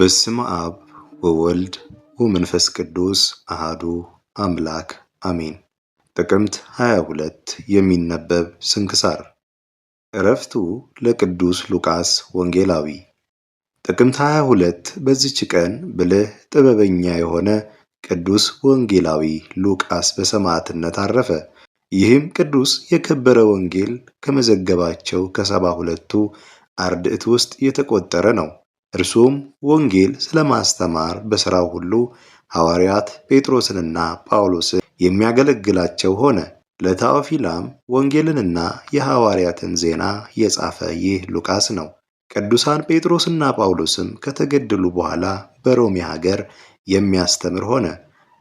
በስም አብ ወወልድ ወመንፈስ ቅዱስ አሃዱ አምላክ አሜን። ጥቅምት 22 የሚነበብ ስንክሳር። እረፍቱ ለቅዱስ ሉቃስ ወንጌላዊ። ጥቅምት 22 በዚች ቀን ብልህ ጥበበኛ የሆነ ቅዱስ ወንጌላዊ ሉቃስ በሰማዕትነት አረፈ። ይህም ቅዱስ የከበረ ወንጌል ከመዘገባቸው ከሰባ ሁለቱ አርድዕት ውስጥ የተቆጠረ ነው። እርሱም ወንጌል ስለማስተማር በሥራው ሁሉ ሐዋርያት ጴጥሮስንና ጳውሎስን የሚያገለግላቸው ሆነ። ለታኦፊላም ወንጌልንና የሐዋርያትን ዜና የጻፈ ይህ ሉቃስ ነው። ቅዱሳን ጴጥሮስና ጳውሎስም ከተገደሉ በኋላ በሮሜ ሀገር የሚያስተምር ሆነ።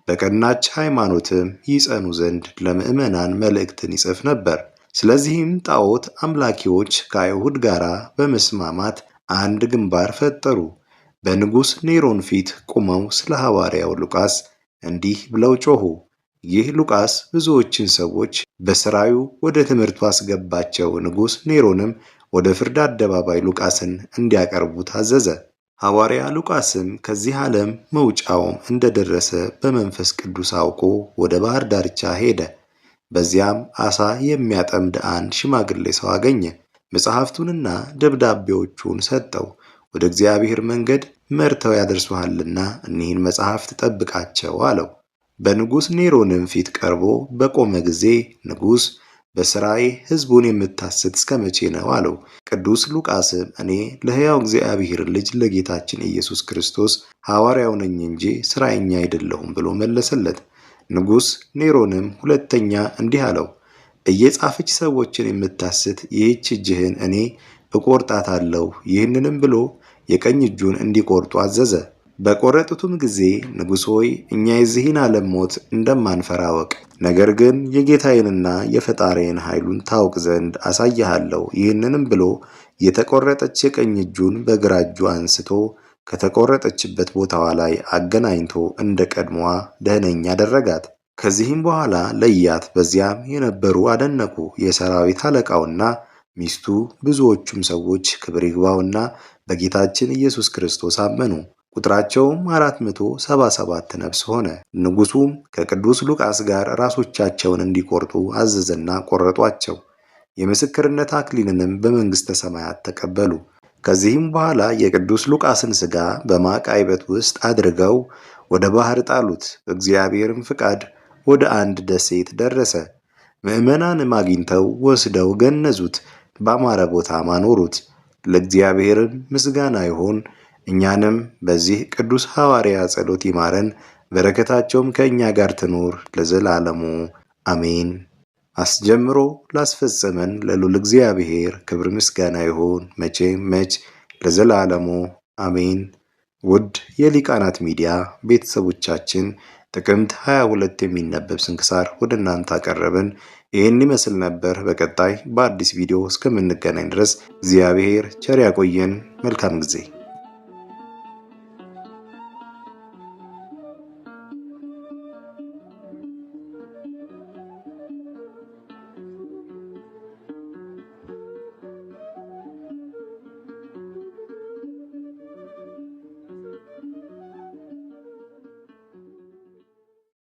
በቀናች ሃይማኖትም ይጸኑ ዘንድ ለምዕመናን መልእክትን ይጽፍ ነበር። ስለዚህም ጣዖት አምላኪዎች ከአይሁድ ጋር በመስማማት አንድ ግንባር ፈጠሩ። በንጉሥ ኔሮን ፊት ቆመው ስለ ሐዋርያው ሉቃስ እንዲህ ብለው ጮኹ። ይህ ሉቃስ ብዙዎችን ሰዎች በሥራዩ ወደ ትምህርቱ አስገባቸው። ንጉሥ ኔሮንም ወደ ፍርድ አደባባይ ሉቃስን እንዲያቀርቡ ታዘዘ። ሐዋርያ ሉቃስም ከዚህ ዓለም መውጫውም እንደደረሰ በመንፈስ ቅዱስ አውቆ ወደ ባህር ዳርቻ ሄደ። በዚያም ዓሣ የሚያጠምድ አንድ ሽማግሌ ሰው አገኘ። መጽሐፍቱንና ደብዳቤዎቹን ሰጠው። ወደ እግዚአብሔር መንገድ መርተው ያደርሱሃልና እኒህን መጽሐፍት ጠብቃቸው አለው። በንጉሥ ኔሮንም ፊት ቀርቦ በቆመ ጊዜ ንጉሥ በሥራዬ ሕዝቡን የምታስት እስከ መቼ ነው? አለው። ቅዱስ ሉቃስም እኔ ለሕያው እግዚአብሔር ልጅ ለጌታችን ኢየሱስ ክርስቶስ ሐዋርያው ነኝ እንጂ ሥራዬኛ አይደለሁም ብሎ መለሰለት። ንጉሥ ኔሮንም ሁለተኛ እንዲህ አለው እየጻፈች ሰዎችን የምታስት ይህች እጅህን እኔ እቆርጣታለሁ። ይህንንም ብሎ የቀኝ እጁን እንዲቆርጡ አዘዘ። በቆረጡትም ጊዜ ንጉሥ ሆይ እኛ የዚህን ዓለም ሞት እንደማንፈራ አወቅ፣ ነገር ግን የጌታዬንና የፈጣሪን ኃይሉን ታውቅ ዘንድ አሳይሃለሁ። ይህንንም ብሎ የተቆረጠች የቀኝ እጁን በግራ እጁ አንስቶ ከተቆረጠችበት ቦታዋ ላይ አገናኝቶ እንደ ቀድሞዋ ደህነኛ አደረጋት። ከዚህም በኋላ ለያት፣ በዚያም የነበሩ አደነቁ። የሰራዊት አለቃውና ሚስቱ ብዙዎቹም ሰዎች ክብር ይግባውና በጌታችን ኢየሱስ ክርስቶስ አመኑ። ቁጥራቸውም 477 ነፍስ ሆነ። ንጉሱም ከቅዱስ ሉቃስ ጋር ራሶቻቸውን እንዲቆርጡ አዘዘና ቆረጧቸው። የምስክርነት አክሊልንም በመንግሥተ ሰማያት ተቀበሉ። ከዚህም በኋላ የቅዱስ ሉቃስን ሥጋ በማቅ አይበት ውስጥ አድርገው ወደ ባሕር ጣሉት። በእግዚአብሔርም ፍቃድ ወደ አንድ ደሴት ደረሰ። ምዕመናንም አግኝተው ወስደው ገነዙት፣ ባማረ ቦታ አኖሩት። ለእግዚአብሔርም ምስጋና ይሆን እኛንም በዚህ ቅዱስ ሐዋርያ ጸሎት ይማረን፣ በረከታቸውም ከእኛ ጋር ትኑር ለዘላለሙ አሜን። አስጀምሮ ላስፈጸመን ለሉል እግዚአብሔር ክብር ምስጋና ይሆን መቼም መች ለዘላለሙ አሜን። ውድ የሊቃናት ሚዲያ ቤተሰቦቻችን ጥቅምት 22 የሚነበብ ስንክሳር ወደ እናንተ አቀረብን። ይህን ይመስል ነበር። በቀጣይ በአዲስ ቪዲዮ እስከምንገናኝ ድረስ እግዚአብሔር ቸር ያቆየን። መልካም ጊዜ